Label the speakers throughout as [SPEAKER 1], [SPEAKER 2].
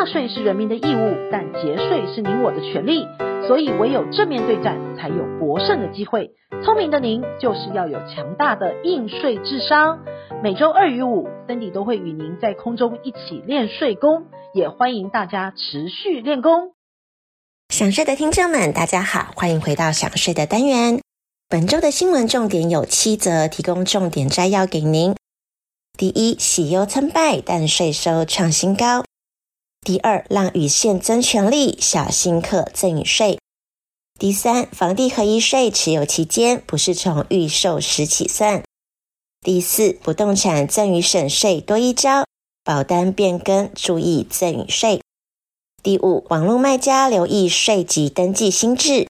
[SPEAKER 1] 納稅是人民的義務，但節稅是您我的權利。所以唯有正面對戰，才有搏勝的機會。聰明的您，就是要有強大的應稅智商。每週二與五，Cindy 都會與您在空中一起練稅功，也歡迎大家持續練功。享稅的聽眾們，大家好，歡迎回到享稅的單元。本週的新聞重點有七則，提供重點摘要給您。第一，喜憂參半，但稅收創新高。第二，讓與現增權利，小心課贈與稅。第三，房地合一稅持有期間不是從預售時起算。第四，不動產贈與省稅多一招，保單變更注意贈與稅。第五，網路賣家留意稅籍登記新制。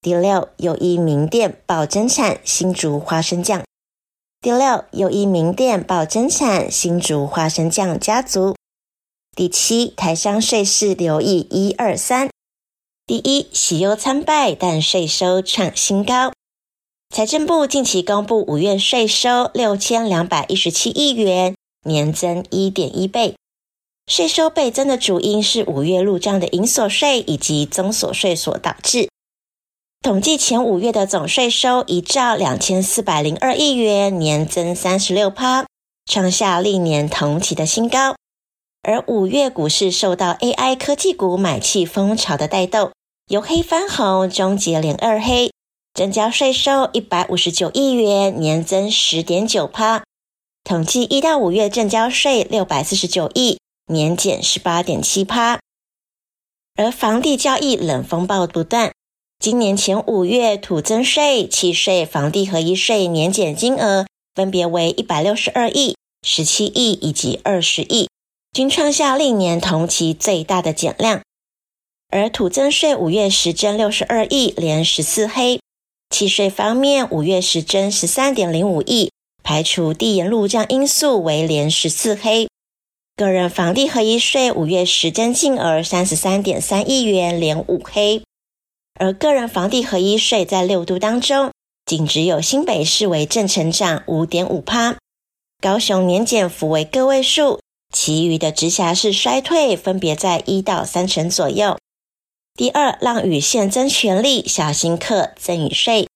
[SPEAKER 1] 第六，又一名店爆爭產新竹花生醬。第六，又一名店爆爭產新竹花生醬家族。第七，台商稅事留意一二三。第一，喜憂參半，但稅收創新高。財政部近期公布五月稅收六千兩百一十七億元，年增一點一倍。稅收倍增的主因是五月入賬的營所稅以及綜所稅所導致。統計前五月的總稅收一兆兩千四百零二億元，年增三十六趴，創下歷年同期的新高。而五月股市受到 AI 科技股買氣風潮的帶動，由黑翻紅，終結連二黑。證交稅收一百五十九億元，年增十點九趴。統計一到五月證交稅六百四十九億，年減十八點七趴。而房地交易冷風暴不斷，今年前五月土增稅、契稅、房地合一稅年減金額分別為一百六十二億、十七億以及二十億。均創下歷年同期最大的減量，而土增稅五月實徵六十二億，連十四黑；契稅方面，五月實徵十三點零五億，排除遞延路障因素為連十四黑。個人房地合一稅五月實徵淨額三十三點三億元，連五黑。而個人房地合一稅在六都當中，僅只有新北市為正成長五點五趴，高雄年減幅為個位數。其餘的直轄市衰退分別在一到三成左右。第二，讓與現增權利，小心課贈與稅。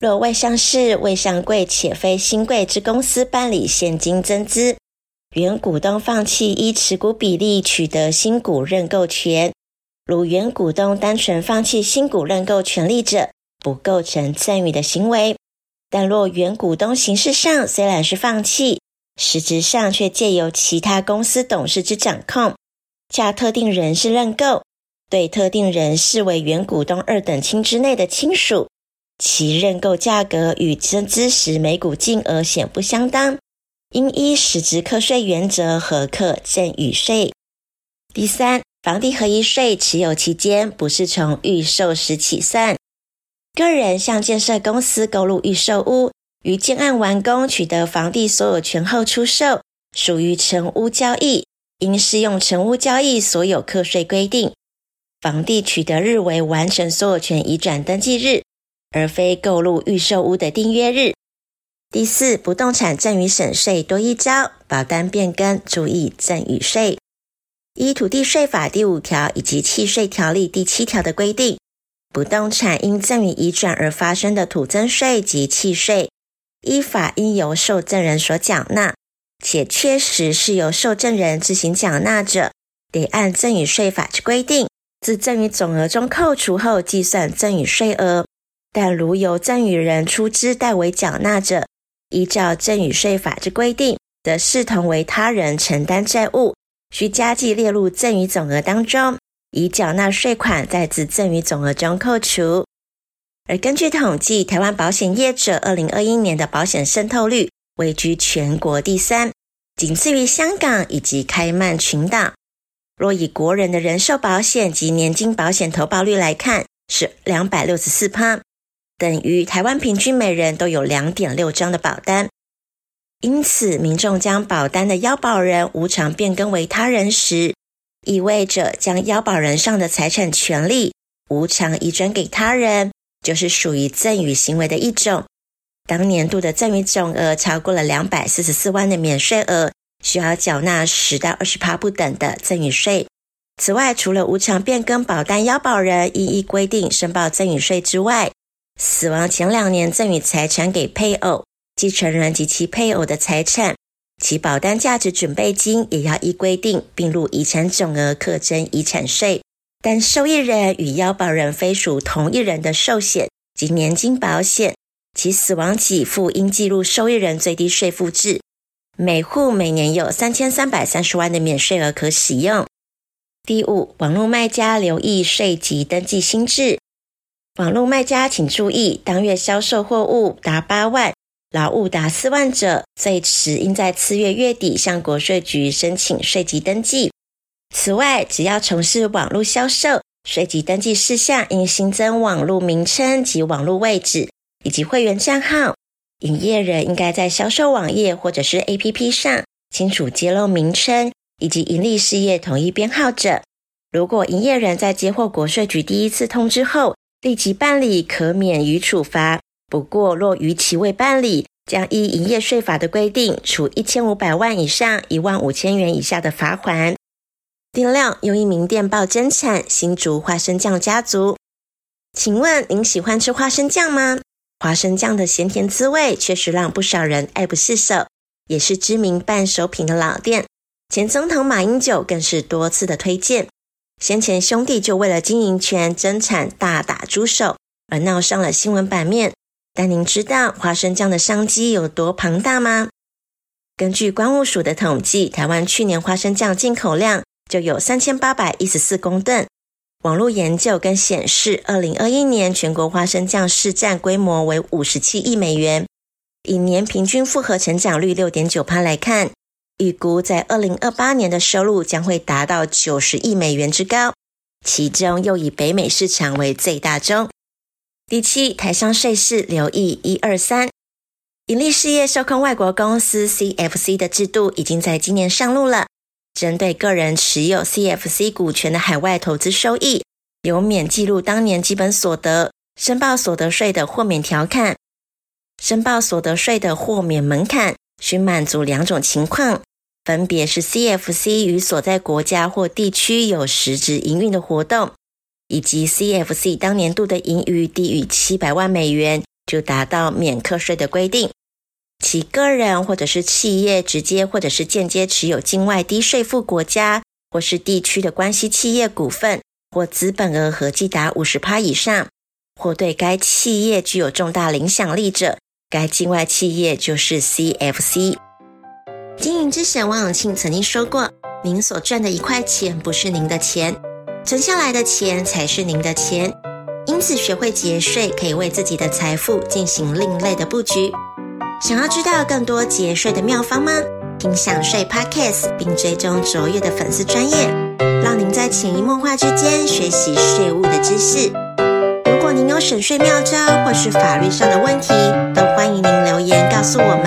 [SPEAKER 1] 若未上市、未上櫃且非興櫃之公司辦理現金增資，原股東放棄依持股比例取得新股認購權。如原股東單純放棄新股認購權利者，不構成贈與的行為。但若原股東形式上雖然是放棄，實質上卻借由其他公司董事之掌控，加特定人士認購，對特定人視為原股東二等親之內的親屬，其認購價格與增資時每股淨額顯不相當，應依實質課稅原則核課贈與稅。第三，房地合一稅持有期間不是從預售時起算，個人向建設公司購入預售屋。於建案完工取得房地所有權後出售，屬於成屋交易，應適用成屋交易所有課稅規定。房地取得日為完成所有權移轉登記日，而非購入預售屋的訂約日。第四，不動產贈與省稅多一招，保單變更注意贈與稅。依土地稅法第五條以及契稅條例第七條的規定，不動產因贈與移轉而發生的土增稅及契稅。依法應由受贈人所繳納，且確實是由受贈人自行繳納者，得按贈與稅法之規定，自贈與總額中扣除後計算贈與稅額。但如由贈與人出資代為繳納者，依照贈與稅法之規定，則視同為他人承擔債務，需加計列入贈與總額當中，以繳納稅款再自贈與總額中扣除。而根據統計，台灣保險業者二零二一年的保險滲透率位居全國第三，僅次於香港以及開曼群島。若以國人的人壽保險及年金保險投保率來看，是兩百六十四趴，等於台灣平均每人都有二點六張的保單。因此，民眾將保單的要保人無償變更為他人時，意味着將要保人上的財產權利無償移轉給他人。就是屬於贈與行為的一種。當年度的贈與總額超過了兩百四十四萬的免稅額，需要繳納十到二十趴不等的贈與稅。此外，除了無償變更保單、要保人依規定申報贈與稅之外，死亡前兩年贈與財產給配偶、繼承人及其配偶的財產，其保單價值準備金也要依規定併入遺產總額，課徵遺產稅。但受益人與要保人非屬同一人的壽險及年金保險，其死亡給付應計入受益人最低稅負制。每戶每年有三千三百三十萬的免稅額可使用。第五，網絡賣家留意稅籍登記新制。網絡賣家請注意，當月銷售貨物達八萬、勞務達四萬者，最遲應在次月月底向國稅局申請稅籍登記。此外，只要從事網絡銷售，稅籍登記事項應新增網絡名稱及網絡位置，以及會員賬號。營業人應該在銷售網頁或者是 APP 上清楚揭露名稱以及營利事業統一編號者。如果營業人在接獲國稅局第一次通知後立即辦理，可免於處罰。不過，若逾期未辦理，將依營業稅法的規定，處一千五百萬以上一萬五千元以下的罰款。第六、又一名店爆爭產，新竹花生醬家族，請問您喜歡吃花生醬嗎？花生醬的鹹甜滋味確實讓不少人愛不釋手，也是知名伴手品的老店。前總統馬英九更是多次的推薦。先前兄弟就為了經營權爭產大打出手，而鬧上了新聞版面。但您知道花生醬的商機有多龐大嗎？根據關務署的統計，台灣去年花生醬進口量，就有三千八百一十四公噸。網絡研究跟顯示，二零二一年全國花生醬市占規模為五十七億美元。以年平均複合成長率六點九趴來看，預估在二零二八年的收入將會達到九十億美元之高。其中又以北美市場為最大宗。第七，台商稅事留意一二三。營利事業受控外國公司 （CFC） 的制度已經在今年上路了。針對個人持有 CFC 股權的海外投資收益，有免記錄當年基本所得申報所得稅的豁免條款。申報所得稅的豁免門檻需滿足兩種情況，分別是 CFC 與所在國家或地區有實質營運的活動，以及 CFC 當年度的盈餘低於七百萬美元，就達到免課稅的規定。其個人或者是企業直接或者是間接持有境外低稅負國家或是地區的關係企業股份或資本額合計達五十趴以上，或對該企業具有重大影響力者，該境外企業就是 CFC。經營之神王永慶曾經說過：“您所賺的一塊錢不是您的錢，存下來的錢才是您的錢。”因此，學會節稅可以為自己的財富進行另類的布局。想要知道更多節稅的妙方嗎？聽享稅 Podcast，並追蹤卓越的粉絲專業，讓您在潛移默化之間學習稅務的知識。如果您有省稅妙招或是法律上的問題，都歡迎您留言告訴我們。